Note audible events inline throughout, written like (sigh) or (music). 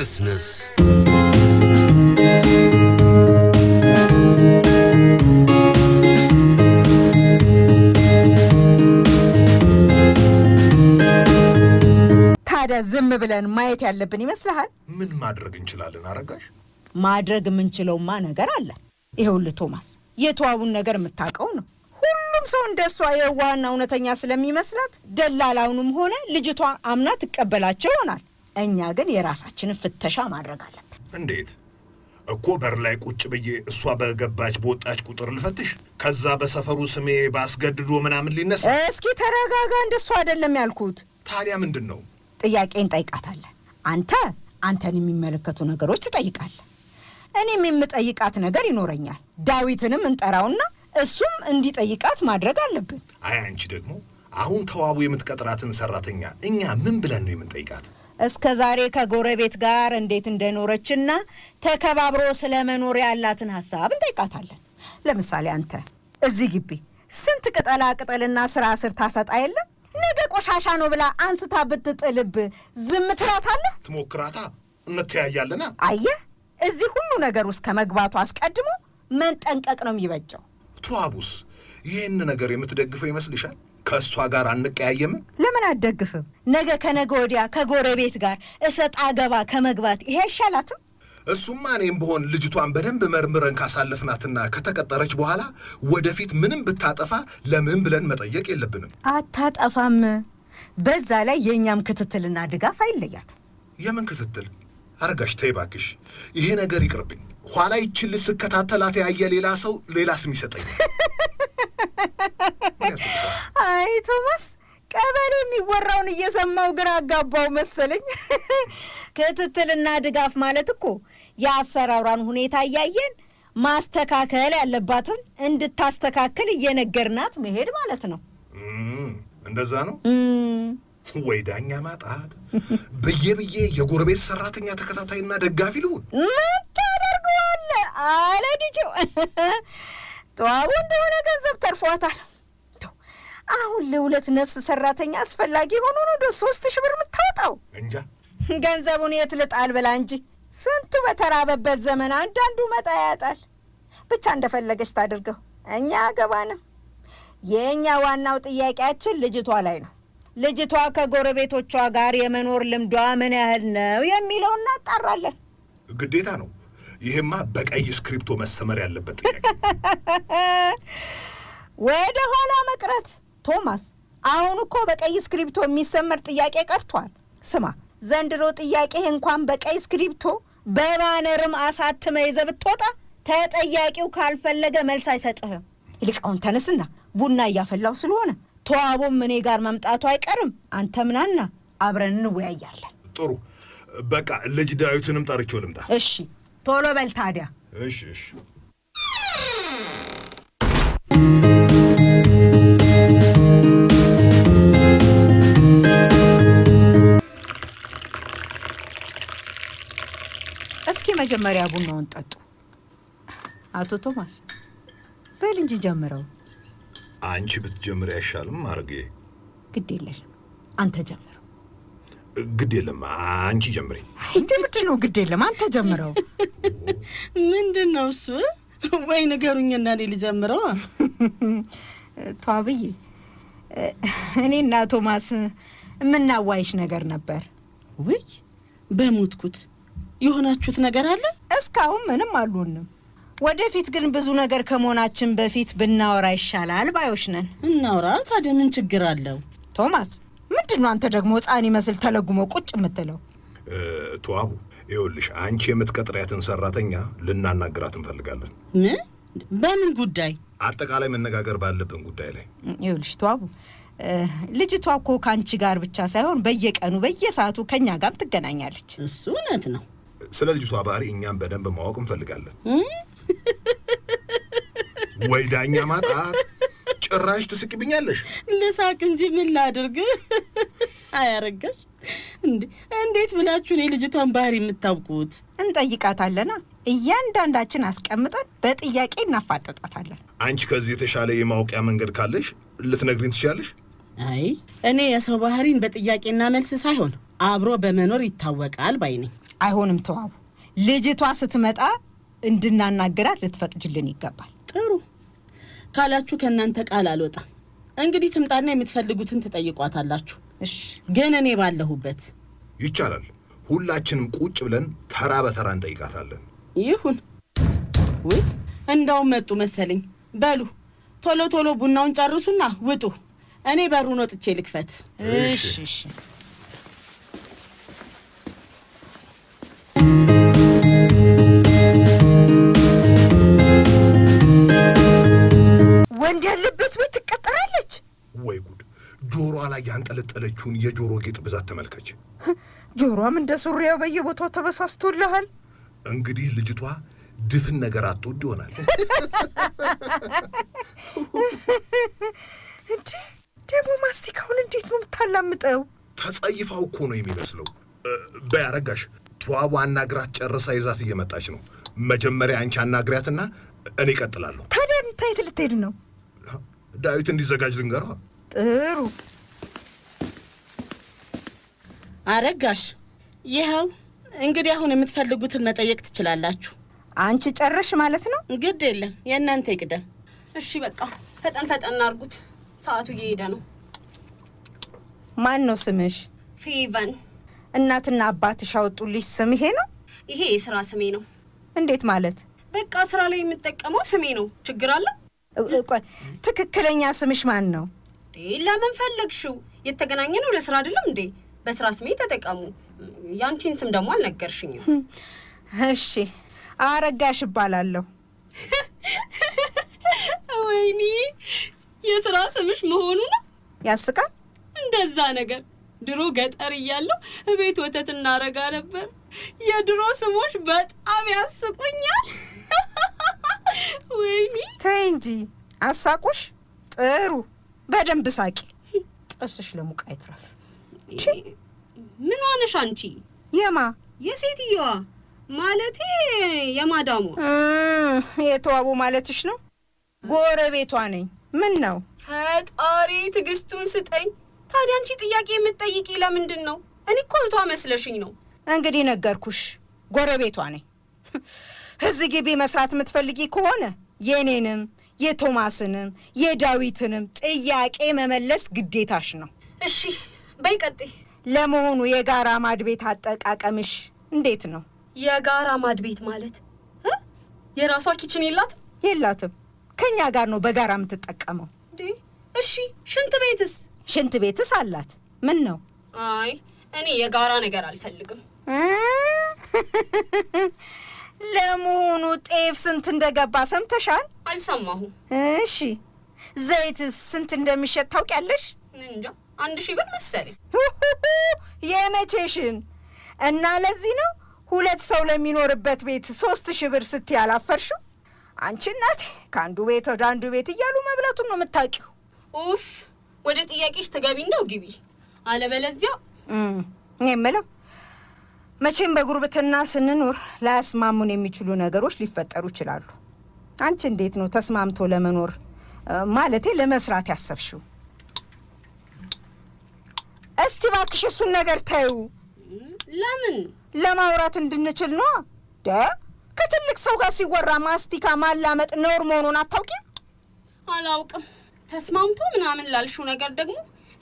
እንስነስ። ታዲያ ዝም ብለን ማየት ያለብን ይመስልሃል? ምን ማድረግ እንችላለን? አረጋሽ፣ ማድረግ የምንችለውማ ነገር አለ። ይኸውልህ ቶማስ፣ የተዋቡን ነገር የምታውቀው ነው። ሁሉም ሰው እንደ እሷ የዋህና እውነተኛ ስለሚመስላት ደላላውንም ሆነ ልጅቷ አምና ትቀበላቸው ይሆናል። እኛ ግን የራሳችንን ፍተሻ ማድረግ አለብን። እንዴት እኮ በር ላይ ቁጭ ብዬ እሷ በገባች በወጣች ቁጥር ልፈትሽ፣ ከዛ በሰፈሩ ስሜ ባስገድዶ ምናምን ሊነሳ። እስኪ ተረጋጋ፣ እንደሱ አይደለም ያልኩት። ታዲያ ምንድን ነው? ጥያቄ እንጠይቃታለን። አንተ አንተን የሚመለከቱ ነገሮች ትጠይቃለህ፣ እኔም የምጠይቃት ነገር ይኖረኛል። ዳዊትንም እንጠራውና እሱም እንዲጠይቃት ማድረግ አለብን። አይ አንቺ ደግሞ አሁን ተዋቡ የምትቀጥራትን ሰራተኛ እኛ ምን ብለን ነው የምንጠይቃት? እስከ ዛሬ ከጎረቤት ጋር እንዴት እንደኖረችና ተከባብሮ ስለ መኖር ያላትን ሀሳብ እንጠይቃታለን። ለምሳሌ አንተ እዚህ ግቢ ስንት ቅጠላ ቅጠልና ስራ ስር ታሰጣ የለም ነገ ቆሻሻ ነው ብላ አንስታ ብትጥልብ ዝም ትላታለህ? ትሞክራታ፣ እንተያያለና። አየህ፣ እዚህ ሁሉ ነገር ውስጥ ከመግባቱ አስቀድሞ መንጠንቀቅ ነው የሚበጀው። ቱዋቡስ ይህን ነገር የምትደግፈው ይመስልሻል? ከእሷ ጋር አንቀያየም ለምን አትደግፍም? ነገ ከነገ ወዲያ ከጎረቤት ጋር እሰጥ አገባ ከመግባት ይሄ አይሻላትም? እሱማ እኔም ብሆን ልጅቷን በደንብ መርምረን ካሳለፍናትና ከተቀጠረች በኋላ ወደፊት ምንም ብታጠፋ ለምን ብለን መጠየቅ የለብንም። አታጠፋም። በዛ ላይ የእኛም ክትትልና ድጋፍ አይለያት። የምን ክትትል አረጋሽ? ተይ እባክሽ፣ ይሄ ነገር ይቅርብኝ። ኋላ ይችል ስከታተላት ያየ ሌላ ሰው ሌላ ስም ይሰጠኝ። (laughs) አይ ቶማስ ቀበሌ የሚወራውን እየሰማው ግን አጋባው መሰለኝ። (laughs) ክትትልና ድጋፍ ማለት እኮ የአሰራሯን ሁኔታ እያየን ማስተካከል ያለባትን እንድታስተካከል እየነገርናት መሄድ ማለት ነው። እንደዛ ነው ወይ? ዳኛ ማጣት ብዬ ብዬ የጎረቤት ሰራተኛ ተከታታይና ደጋፊ ልሁን? ምን ታደርገዋለህ አለ ጠዋቡ (laughs) እንደሆነ ገንዘብ ተርፏታል። አሁን ለሁለት ነፍስ ሰራተኛ አስፈላጊ ሆኖ ነው ወደ ሶስት ሺህ ብር የምታወጣው። እንጃ ገንዘቡን የት ልጣል ብላ እንጂ ስንቱ በተራበበት ዘመን አንዳንዱ መጣ ያጣል። ብቻ እንደፈለገች ታድርገው፣ እኛ አገባንም። የእኛ ዋናው ጥያቄያችን ልጅቷ ላይ ነው። ልጅቷ ከጎረቤቶቿ ጋር የመኖር ልምዷ ምን ያህል ነው የሚለው እናጣራለን። ግዴታ ነው። ይህማ በቀይ ስክሪፕቶ መሰመር ያለበት ጥያቄ። (laughs) ወደ ኋላ መቅረት ቶማስ አሁን እኮ በቀይ እስክሪብቶ የሚሰመር ጥያቄ ቀርቷል። ስማ ዘንድሮ ጥያቄህ እንኳን በቀይ እስክሪብቶ በባነርም አሳትመ ይዘህ ብትወጣ ተጠያቂው ካልፈለገ መልስ አይሰጥህም። ይልቃውን ተነስና ቡና እያፈላው ስለሆነ ተዋቦም እኔ ጋር መምጣቱ አይቀርም። አንተ ምናና አብረን እንወያያለን። ጥሩ በቃ ልጅ ዳዊትንም ጠርቼው ልምጣ። እሺ ቶሎ በል ታዲያ። እሺ እሺ መጀመሪያ ቡናውን ጠጡ። አቶ ቶማስ በል እንጂ ጀምረው። አንቺ ብትጀምር አይሻልም? አርጌ ግድ የለሽም፣ አንተ ጀምረው። ግድ የለም፣ አንቺ ጀምሬ። እንደ ምንድን ነው ግድ የለም፣ አንተ ጀምረው። ምንድን ነው እሱ? ወይ ንገሩኝና እኔ ልጀምረው። ቷብዬ፣ እኔና ቶማስ የምናዋይሽ ነገር ነበር። ውይ በሞትኩት የሆናችሁት ነገር አለ? እስካሁን ምንም አልሆንም። ወደፊት ግን ብዙ ነገር ከመሆናችን በፊት ብናወራ ይሻላል ባዮች ነን። እናውራ ታዲያ፣ ምን ችግር አለው? ቶማስ፣ ምንድን ነው አንተ ደግሞ ህፃን ይመስል ተለጉሞ ቁጭ የምትለው? ተዋቡ፣ ይኸውልሽ አንቺ የምትቀጥሪያትን ሰራተኛ ልናናግራት እንፈልጋለን። ምን? በምን ጉዳይ? አጠቃላይ መነጋገር ባለብን ጉዳይ ላይ። ይኸውልሽ ተዋቡ፣ ልጅቷ እኮ ከአንቺ ጋር ብቻ ሳይሆን በየቀኑ በየሰዓቱ ከእኛ ጋርም ትገናኛለች። እሱ እውነት ነው። ስለ ልጅቷ ባህሪ እኛም በደንብ ማወቅ እንፈልጋለን። (laughs) ወይ ዳኛ ማጣት። ጭራሽ ትስቅብኛለሽ። ልሳቅ እንጂ ምን ላድርግ? (laughs) አያረጋሽ እንዴ! እንዴት ብላችሁ እኔ ልጅቷን ባህሪ የምታውቁት? እንጠይቃታለና እያንዳንዳችን አስቀምጠን በጥያቄ እናፋጠጣታለን። አንቺ ከዚህ የተሻለ የማወቂያ መንገድ ካለሽ ልትነግሪን ትችላለሽ። አይ እኔ የሰው ባህሪን በጥያቄና መልስ ሳይሆን አብሮ በመኖር ይታወቃል ባይ ነኝ። አይሆንም ተዋቡ፣ ልጅቷ ስትመጣ እንድናናገራት ልትፈቅጅልን ይገባል። ጥሩ ካላችሁ ከእናንተ ቃል አልወጣም። እንግዲህ ትምጣና የምትፈልጉትን ትጠይቋታላችሁ። እሺ፣ ግን እኔ ባለሁበት ይቻላል። ሁላችንም ቁጭ ብለን ተራ በተራ እንጠይቃታለን። ይሁን። ውይ እንዳውም መጡ መሰለኝ። በሉ ቶሎ ቶሎ ቡናውን ጨርሱና ውጡ። እኔ በሩን ወጥቼ ልክፈት። እሺ። ወንድ ያለበት ቤት ትቀጠራለች ወይ? ጉድ! ጆሮዋ ላይ ያንጠለጠለችውን የጆሮ ጌጥ ብዛት ተመልከች። ጆሮዋም እንደ ሱሪያው በየቦታው ተበሳስቶልሃል። እንግዲህ ልጅቷ ድፍን ነገር አትወድ ይሆናል። (laughs) እንዴ ደግሞ ማስቲካውን እንዴት ነው የምታላምጠው? ተጸይፋው እኮ ነው የሚመስለው። በያረጋሽ ተዋቡ አናግራት ጨርሳ ይዛት እየመጣች ነው። መጀመሪያ አንቺ አናግሪያትና እኔ እቀጥላለሁ። ታዲያ የት ልትሄድ ነው? ዳዊት እንዲዘጋጅ ልንገረዋ። ጥሩ አረጋሽ፣ ይኸው እንግዲህ አሁን የምትፈልጉትን መጠየቅ ትችላላችሁ። አንቺ ጨረሽ ማለት ነው? ግድ የለም የእናንተ ይቅደም። እሺ በቃ ፈጠን ፈጠን አድርጉት፣ ሰዓቱ እየሄደ ነው። ማን ነው ስምሽ? ፌቨን። እናትና አባትሽ አወጡልሽ ስም ይሄ ነው? ይሄ የስራ ስሜ ነው። እንዴት ማለት? በቃ ስራ ላይ የምጠቀመው ስሜ ነው። ችግር አለው? ትክክለኛ ስምሽ ማን ነው? ለምን ፈለግሽው? የተገናኘ ነው ለስራ አይደለም እንዴ? በስራ ስሜ ተጠቀሙ። ያንቺን ስም ደግሞ አልነገርሽኝም። እሺ፣ አረጋሽ እባላለሁ። (laughs) ወይኔ የስራ ስምሽ መሆኑ ነው። ያስቃል። እንደዛ ነገር ድሮ ገጠር እያለሁ እቤት ወተት እናረጋ ነበር። የድሮ ስሞች በጣም ያስቁኛል። ወይኔ ተይ እንጂ አሳቁሽ። ጥሩ በደንብ ሳቂ። ጥርስሽ ለሙቅ አይትረፍ። ምን ሆነሽ አንቺ? የማ የሴትየዋ ማለቴ የማዳሙ የተዋቡ ማለትሽ ነው? ጎረቤቷ ነኝ። ምን ነው? ፈጣሪ ትዕግስቱን ስጠኝ። ታዲያ አንቺ ጥያቄ የምትጠይቂ ለምንድን ነው? እኔ እኮ እህቷ መስለሽኝ ነው። እንግዲህ ነገርኩሽ፣ ጎረቤቷ ነኝ። እዚህ ግቢ መስራት የምትፈልጊ ከሆነ የእኔንም የቶማስንም የዳዊትንም ጥያቄ መመለስ ግዴታሽ ነው። እሺ በይ ለመሆኑ የጋራ ማድ ቤት አጠቃቀምሽ እንዴት ነው? የጋራ ማድ ቤት ማለት የራሷ ኪችን የላትም? የላትም። ከኛ ጋር ነው በጋራ የምትጠቀመው። እሺ ሽንት ቤትስ? ሽንት ቤትስ አላት። ምን ነው? አይ እኔ የጋራ ነገር አልፈልግም። ለመሆኑ ጤፍ ስንት እንደገባ ሰምተሻል? አልሰማሁም። እሺ፣ ዘይት ስንት እንደሚሸጥ ታውቂያለሽ? እንጃ፣ አንድ ሺህ ብር መሰለኝ። የመቼሽን እና ለዚህ ነው ሁለት ሰው ለሚኖርበት ቤት ሶስት ሺህ ብር ስት ያላፈርሹ? አንቺ እናቴ ከአንዱ ቤት ወደ አንዱ ቤት እያሉ መብለቱን ነው የምታውቂው። ኡፍ፣ ወደ ጥያቄሽ ተገቢ እንደው ግቢ፣ አለበለዚያ እኔ የምለው መቼም በጉርብትና ስንኖር ላያስማሙን የሚችሉ ነገሮች ሊፈጠሩ ይችላሉ። አንቺ እንዴት ነው ተስማምቶ ለመኖር ማለቴ ለመስራት ያሰብሽው? እስቲ እባክሽ እሱን ነገር ታዩ። ለምን ለማውራት እንድንችል ነው። ደ ከትልቅ ሰው ጋር ሲወራ ማስቲካ ማላመጥ ነውር መሆኑን አታውቂም? አላውቅም። ተስማምቶ ምናምን ላልሽው ነገር ደግሞ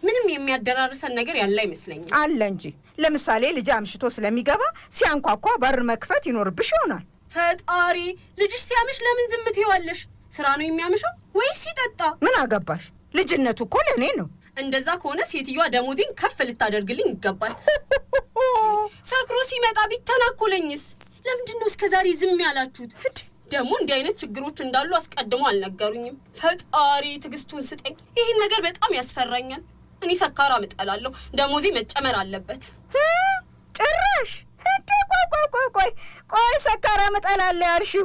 ምንም የሚያደራርሰን ነገር ያለ አይመስለኝም። አለ እንጂ ለምሳሌ ልጅ አምሽቶ ስለሚገባ ሲያንኳኳ በር መክፈት ይኖርብሽ ይሆናል። ፈጣሪ ልጅሽ ሲያምሽ ለምን ዝም ትይዋለሽ? ስራ ነው የሚያምሸው ወይስ ሲጠጣ? ምን አገባሽ? ልጅነቱ እኮ ለእኔ ነው። እንደዛ ከሆነ ሴትዮዋ ደሞዜን ከፍ ልታደርግልኝ ይገባል። (laughs) ሰክሮ ሲመጣ ቢተናኮለኝስ? ለምንድን ነው እስከ ዛሬ ዝም ያላችሁት? ደግሞ እንዲህ አይነት ችግሮች እንዳሉ አስቀድሞ አልነገሩኝም። ፈጣሪ ትዕግስቱን ስጠኝ። ይህን ነገር በጣም ያስፈራኛል። እኔ ሰካራም እጠላለሁ። ደሞዜ መጨመር አለበት። ጭራሽ እንዴ! ቆይ ቆይ ቆይ ቆይ ቆይ ሰካራም እጠላለሁ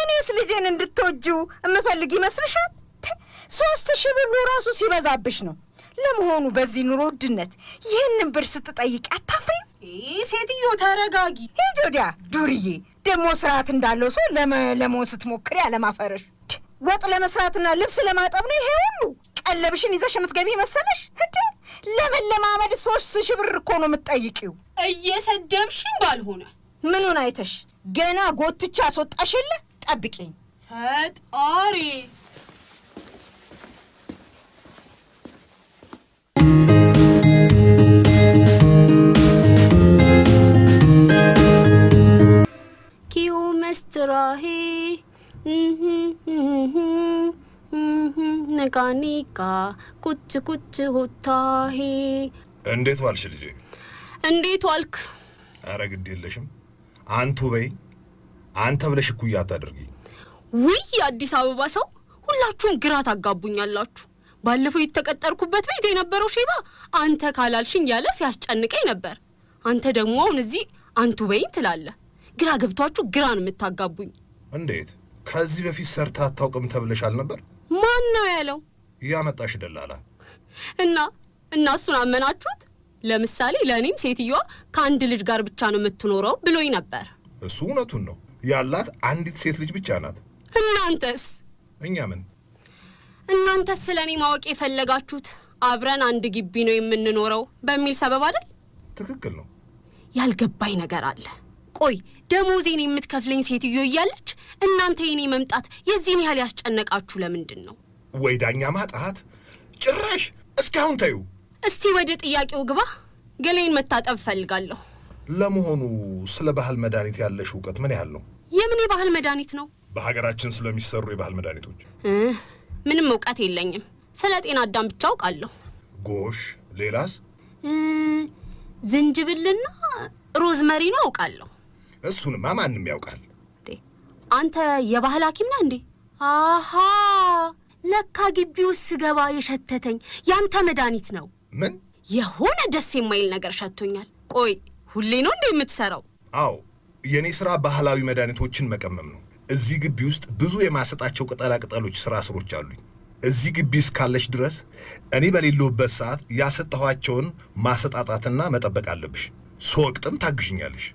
እኔስ ልጄን እንድትወጂው እምፈልግ ይመስልሻል? ሶስት ሺህ ብሉ ራሱ ሲበዛብሽ ነው። ለመሆኑ በዚህ ኑሮ ውድነት ይህንን ብር ስትጠይቅ አታፍሪም? ሴትዮ ተረጋጊ። ሂጂ ወዲያ ዱርዬ። ደግሞ ስርዓት እንዳለው ሰው ለመሆን ስትሞክር ያለማፈረሽ ወጥ ለመስራትና ልብስ ለማጠብ ነው ይሄ ሁሉ ቀለብሽን ይዘሽ የምትገቢ መሰለሽ እንዴ? ለመለማመድ ሶስት ሺህ ብር እኮ ነው የምትጠይቂው። እየሰደብሽኝ ባልሆነ ምኑን አይተሽ ገና ጎትቻ አስወጣሽ የለ ጠብቂኝ። ፈጣሪ ኪዩ መስትራሂ ነጋኒቃ ቁጭ ቁጭ ሁታሄ እንዴት ዋልሽ ልጄ? እንዴት ዋልክ? አረ ግድ የለሽም አንቱ በይ አንተ ብለሽ እኩያ አታደርጊ። ውይ አዲስ አበባ ሰው ሁላችሁም ግራ ታጋቡኛላችሁ። ባለፈው የተቀጠርኩበት ቤት የነበረው ሼባ አንተ ካላልሽኝ ያለ ሲያስጨንቀኝ ነበር። አንተ ደግሞ አሁን እዚህ አንቱ በይኝ ትላለህ። ግራ ገብቷችሁ ግራ ነው የምታጋቡኝ። እንዴት ከዚህ በፊት ሰርታ አታውቅም ተብለሻል ነበር? ማን ነው ያለው? ያመጣሽ ደላላ እና እና እሱን አመናችሁት? ለምሳሌ ለእኔም ሴትዮዋ ከአንድ ልጅ ጋር ብቻ ነው የምትኖረው ብሎኝ ነበር። እሱ እውነቱን ነው። ያላት አንዲት ሴት ልጅ ብቻ ናት። እናንተስ? እኛ ምን እናንተስ ስለ እኔ ማወቅ የፈለጋችሁት አብረን አንድ ግቢ ነው የምንኖረው በሚል ሰበብ አይደል? ትክክል ነው። ያልገባኝ ነገር አለ ቆይ ደሞዜን የምትከፍለኝ ሴትዮ እያለች እናንተ የኔ መምጣት የዚህን ያህል ያስጨነቃችሁ ለምንድን ነው? ወይ ዳኛ ማጣት ጭራሽ እስካሁን ተዩ። እስቲ ወደ ጥያቄው ግባ። ገሌን መታጠብ እፈልጋለሁ። ለመሆኑ ስለ ባህል መድኃኒት ያለሽ እውቀት ምን ያህል ነው? የምን የባህል መድኃኒት ነው? በሀገራችን ስለሚሰሩ የባህል መድኃኒቶች ምንም እውቀት የለኝም። ስለ ጤና አዳም ብቻ አውቃለሁ። ጎሽ፣ ሌላስ? ዝንጅብልና ሮዝመሪ ነው አውቃለሁ። እሱንማ ማንም ያውቃል። አንተ የባህል ሐኪም ነህ እንዴ? አሀ ለካ ግቢ ስገባ የሸተተኝ ያንተ መድኃኒት ነው። ምን የሆነ ደስ የማይል ነገር ሸቶኛል። ቆይ ሁሌ ነው እንዴ የምትሰራው? አዎ የእኔ ሥራ ባህላዊ መድኃኒቶችን መቀመም ነው። እዚህ ግቢ ውስጥ ብዙ የማሰጣቸው ቅጠላ ቅጠሎች ስራ ስሮች አሉኝ። እዚህ ግቢ እስካለች ድረስ እኔ በሌለሁበት ሰዓት ያሰጠኋቸውን ማሰጣጣትና መጠበቅ አለብሽ። ስወቅጥም ታግሽኛለሽ።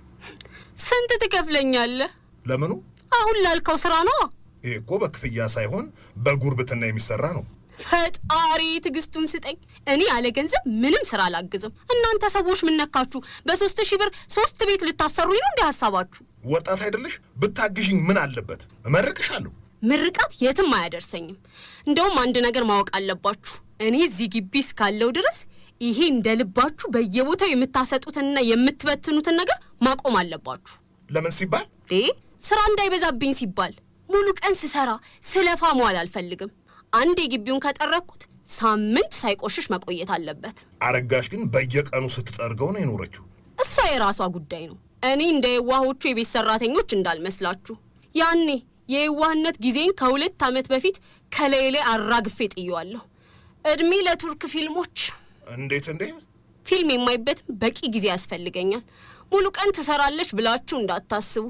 ስንት ትከፍለኛለህ? ለምኑ? አሁን ላልከው ስራ ነው። ይህ እኮ በክፍያ ሳይሆን በጉርብትና የሚሰራ ነው። ፈጣሪ ትዕግስቱን ስጠኝ። እኔ ያለ ገንዘብ ምንም ስራ አላግዝም። እናንተ ሰዎች ምነካችሁ? በሶስት ሺህ ብር ሶስት ቤት ልታሰሩኝ ነው እንዲህ ሀሳባችሁ? ወጣት አይደለሽ? ብታግዥኝ ምን አለበት? እመርቅሻለሁ። ምርቃት የትም አያደርሰኝም። እንደውም አንድ ነገር ማወቅ አለባችሁ። እኔ እዚህ ግቢ እስካለው ድረስ ይሄ እንደ ልባችሁ በየቦታው የምታሰጡትንና የምትበትኑትን ነገር ማቆም አለባችሁ። ለምን ሲባል ስራ እንዳይበዛብኝ ሲባል ሙሉ ቀን ስሰራ ስለፋ መዋል አልፈልግም። አንዴ ግቢውን ከጠረኩት ሳምንት ሳይቆሽሽ መቆየት አለበት። አረጋሽ ግን በየቀኑ ስትጠርገው ነው የኖረችው። እሷ የራሷ ጉዳይ ነው። እኔ እንደ የዋሆቹ የቤት ሰራተኞች እንዳልመስላችሁ። ያኔ የየዋህነት ጊዜን ከሁለት ዓመት በፊት ከላይ ላይ አራግፌ ጥየዋለሁ። እድሜ ለቱርክ ፊልሞች። እንዴት እንዴ? ፊልም የማይበትም በቂ ጊዜ ያስፈልገኛል። ሙሉ ቀን ትሰራለች ብላችሁ እንዳታስቡ።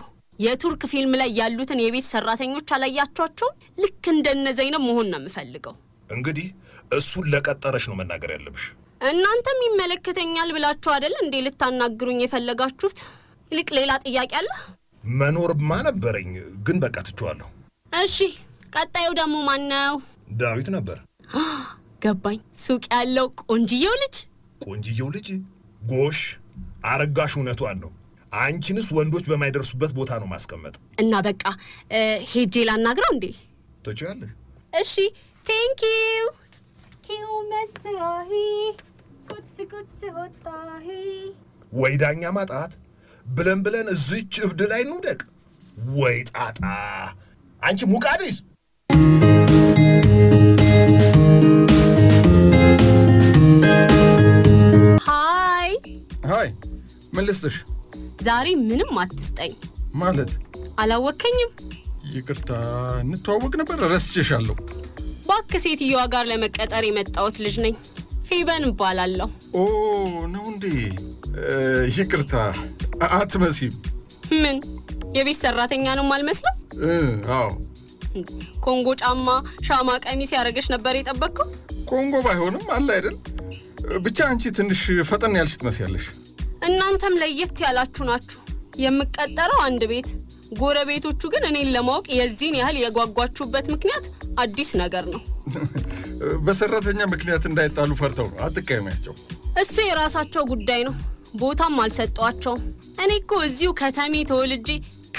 የቱርክ ፊልም ላይ ያሉትን የቤት ሰራተኞች አላያቸዋቸውም ልክ እንደነ ዘይነብ መሆን ነው የምፈልገው። እንግዲህ እሱን ለቀጠረሽ ነው መናገር ያለብሽ። እናንተም ይመለከተኛል ብላችሁ አይደል እንዴ ልታናግሩኝ የፈለጋችሁት? ይልቅ ሌላ ጥያቄ አለ። መኖርማ ነበረኝ ግን በቃ ትችዋለሁ። እሺ፣ ቀጣዩ ደግሞ ማን ነው? ዳዊት ነበር። (gasps) ገባኝ። ሱቅ ያለው ቆንጅየው ልጅ ቆንጅየው ልጅ ጎሽ፣ አረጋሽ እውነቷን ነው። አንቺንስ ወንዶች በማይደርሱበት ቦታ ነው ማስቀመጥ። እና በቃ ሄጄ ላናግረው እንዴ? ትችያለሽ። እሺ፣ ቴንኪው ኪው መስትራሂ ቁጭ ቁጭ ወጣሂ። ወይ ዳኛ ማጣት ብለን ብለን እዚች እብድ ላይ እንውደቅ። ወይ ጣጣ! አንቺ ሙቃዲስ አይ ምን ልስጥሽ? ዛሬ ምንም አትስጠኝ። ማለት አላወከኝም? ይቅርታ፣ እንተዋወቅ ነበር ረስቼሻለሁ። ባክ ሴትየዋ ጋር ለመቀጠር የመጣሁት ልጅ ነኝ። ፌበን እባላለሁ። ኦ ነው እንዴ? ይቅርታ፣ አትመሲም። ምን የቤት ሰራተኛ ነው አልመስለው? አዎ። ኮንጎ ጫማ፣ ሻማ፣ ቀሚስ ያደረገች ነበር የጠበቅከው? ኮንጎ ባይሆንም አለ አይደል ብቻ አንቺ ትንሽ ፈጠን ያልሽ ትመስያለሽ። እናንተም ለየት ያላችሁ ናችሁ። የምቀጠረው አንድ ቤት፣ ጎረቤቶቹ ግን እኔን ለማወቅ የዚህን ያህል የጓጓችሁበት ምክንያት አዲስ ነገር ነው። (laughs) በሰራተኛ ምክንያት እንዳይጣሉ ፈርተው ነው። አትቀየሚያቸው። እሱ የራሳቸው ጉዳይ ነው። ቦታም አልሰጠዋቸውም። እኔ እኮ እዚሁ ከተሜ ተወልጄ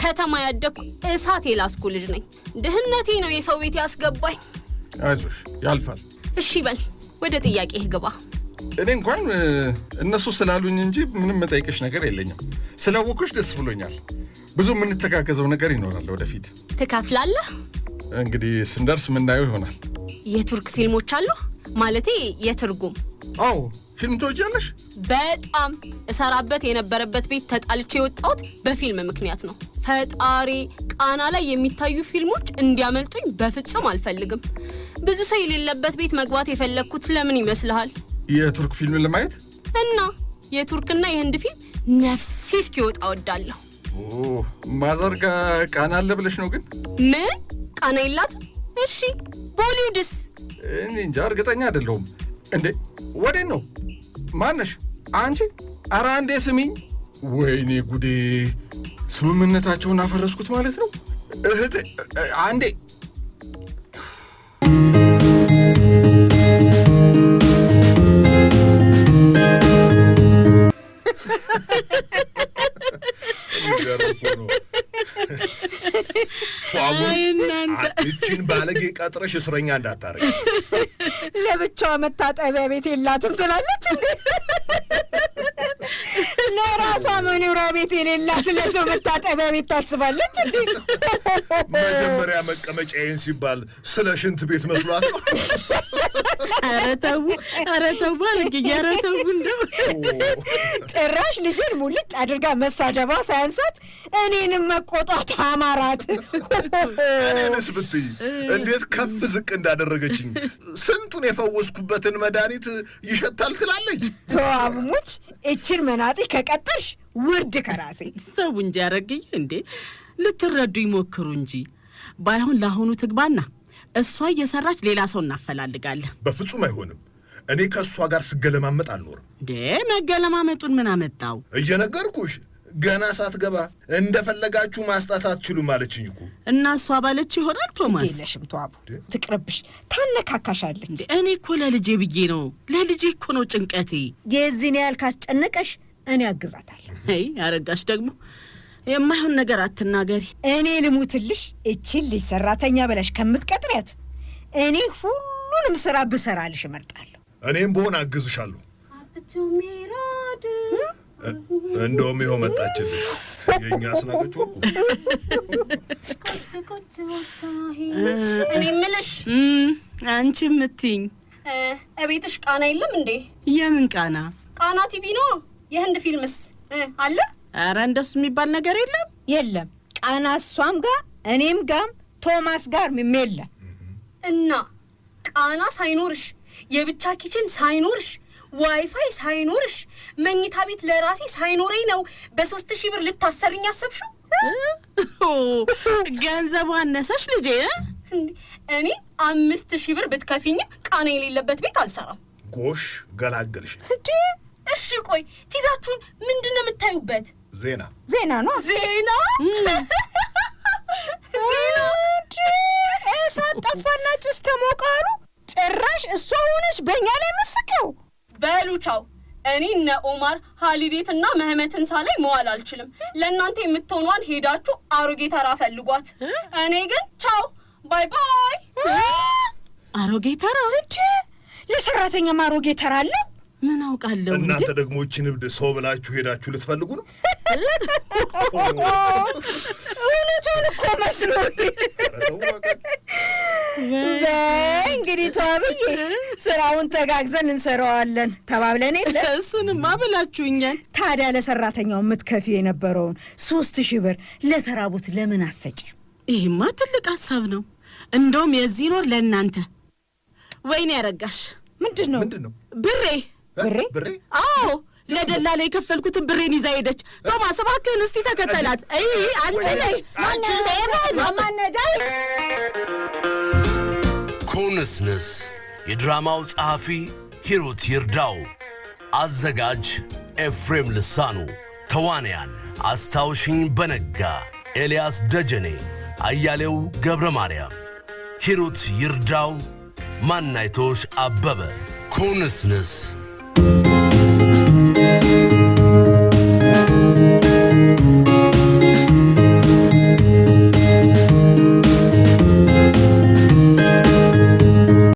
ከተማ ያደግኩ እሳት የላስኩ ልጅ ነኝ። ድህነቴ ነው የሰው ቤት ያስገባኝ። አይዞሽ፣ ያልፋል። እሺ በል ወደ ጥያቄህ ግባ። እኔ እንኳን እነሱ ስላሉኝ እንጂ ምንም መጠይቅሽ ነገር የለኝም። ስላወቅሽ ደስ ብሎኛል። ብዙ የምንተጋገዘው ነገር ይኖራል ወደፊት። ትከፍላለህ? እንግዲህ ስንደርስ የምናየው ይሆናል። የቱርክ ፊልሞች አሉ ማለቴ የትርጉም አዎ ፊልም ትወጃለሽ? በጣም እሰራበት የነበረበት ቤት ተጣልቼ የወጣሁት በፊልም ምክንያት ነው። ፈጣሪ ቃና ላይ የሚታዩ ፊልሞች እንዲያመልጡኝ በፍጹም አልፈልግም። ብዙ ሰው የሌለበት ቤት መግባት የፈለግኩት ለምን ይመስልሃል? የቱርክ ፊልም ለማየት እና የቱርክና የህንድ ፊልም ነፍሴ እስኪወጣ ወዳለሁ። ማዘር ቃና አለ ብለሽ ነው? ግን ምን ቃና የላት? እሺ ቦሊውድስ? እኔ እንጃ እርግጠኛ አይደለሁም። እንዴ ወዴት ነው? ማነሽ አንቺ? አረ አንዴ ስሚኝ። ወይኔ ጉዴ! ስምምነታቸውን አፈረስኩት ማለት ነው እህቴ። አንዴ ይችን ባለጌ ቀጥረሽ እስረኛ እንዳታረግ። ለብቻዋ መታጠቢያ ቤት የላትም ትላለች እንዴ? ለራሷ መኖሪያ ቤት የሌላት ለሰው መታጠቢያ ቤት ታስባለች እንዴ? መጀመሪያ መቀመጫዬን ሲባል ስለ ሽንት ቤት መስሏት ነው። ኧረ ተው፣ ኧረ ተው አድርግዬ፣ ኧረ ተው እንደው ጭራሽ ልጅን ሙልጭ አድርጋ መሳደባ ሳያንሳት እኔንም መቆጣት አማራት። እኔንስ ብትይ እንዴት ከፍ ዝቅ እንዳደረገችኝ ስንቱን የፈወስኩበትን መድኃኒት ይሸታል ትላለች። ተው አብሙች እችን መና መናጢ ከቀጠልሽ ውርድ ከራሴ ስተው እንጂ ያረግዬ እንዴ ልትረዱ ይሞክሩ እንጂ ባይሆን ለአሁኑ ትግባና እሷ እየሰራች ሌላ ሰው እናፈላልጋለን። በፍጹም አይሆንም። እኔ ከእሷ ጋር ስገለማመጥ አልኖርም። እንዴ መገለማመጡን ምን አመጣው? እየነገርኩሽ ገና ሳትገባ እንደፈለጋችሁ ማስጣት አትችሉም አለችኝ እኮ። እና እሷ ባለች ይሆናል። ቶማስ የለሽም፣ ተዋቡ ትቅርብሽ፣ ታነካካሻለች። እኔ እኮ ለልጄ ብዬ ነው፣ ለልጄ እኮ ነው ጭንቀቴ። የዚህን ያህል ካስጨነቀሽ እኔ አግዛታል። አይ አረጋሽ ደግሞ የማይሆን ነገር አትናገሪ። እኔ ልሙትልሽ፣ እችን ልጅ ሰራተኛ በላሽ ከምትቀጥሪያት እኔ ሁሉንም ስራ ብሰራልሽ እመርጣለሁ። እኔም በሆን አግዝሻለሁ። እንደውም ይኸው መጣችልሽ የእኛ ስናገጭ። እኔ ምልሽ አንቺ ምትኝ እቤትሽ ቃና የለም እንዴ? የምን ቃና? ቃና ቲቪ ነው የህንድ ፊልምስ አለ? አረ እንደሱ የሚባል ነገር የለም የለም። ቃና እሷም ጋር እኔም ጋም ቶማስ ጋር ምም የለ እና ቃና ሳይኖርሽ፣ የብቻ ኪችን ሳይኖርሽ፣ ዋይፋይ ሳይኖርሽ፣ መኝታ ቤት ለራሴ ሳይኖረኝ ነው በሶስት ሺህ ብር ልታሰርኝ አሰብሽው? ገንዘቡ አነሰሽ ልጄ? እኔ አምስት ሺህ ብር ብትከፊኝም ቃና የሌለበት ቤት አልሰራም። ጎሽ ገላገልሽ። እሺ ቆይ ቲቪያችሁን ምንድን ነው የምታዩበት? ዜና ዜና ነው ዜና እሳት ጠፋና ጭስ ተሞቃሉ። ጭራሽ እሷ ሆነች በእኛ ላይ ምስከው በሉ ቻው። እኔ እነ ኦማር ሀሊዴትና መህመትን ሳላይ መዋል አልችልም። ለእናንተ የምትሆኗን ሄዳችሁ አሮጌ ተራ ፈልጓት። እኔ ግን ቻው ባይ ባይ። አሮጌ ተራ እንዴ? ለሰራተኛም አሮጌ ተራ ምን አውቃለሁ። እናንተ ደግሞ ይችን እብድ ሰው ብላችሁ ሄዳችሁ ልትፈልጉ ነው። እውነቷን እኮ መስሎኝ። በይ እንግዲህ ተዋብዬ ስራውን ተጋግዘን እንሰራዋለን ተባብለን የለ እሱንም አበላችሁኛል። ታዲያ ለሰራተኛው የምትከፊ የነበረውን ሶስት ሺህ ብር ለተራቡት ለምን አሰጨ? ይህማ ትልቅ ሀሳብ ነው። እንደውም የዚህ ኖር ለእናንተ ወይኔ ያረጋሽ ምንድን ነው ምንድን ነው ብሬ ብሬ? አዎ ለደላላ የከፈልኩትን ብሬን ይዛ ሄደች። ቶማስ እባክህን እስቲ ተከተላት። አይ አንቺ ነሽ ኩንስንስ። የድራማው ጸሐፊ ሂሩት ይርዳው፣ አዘጋጅ ኤፍሬም ልሳኑ፣ ተዋንያን አስታውሽኝ በነጋ፣ ኤልያስ ደጀኔ፣ አያሌው ገብረ ማርያም፣ ሂሩት ይርዳው፣ ማናይቶሽ አበበ ኩንስንስ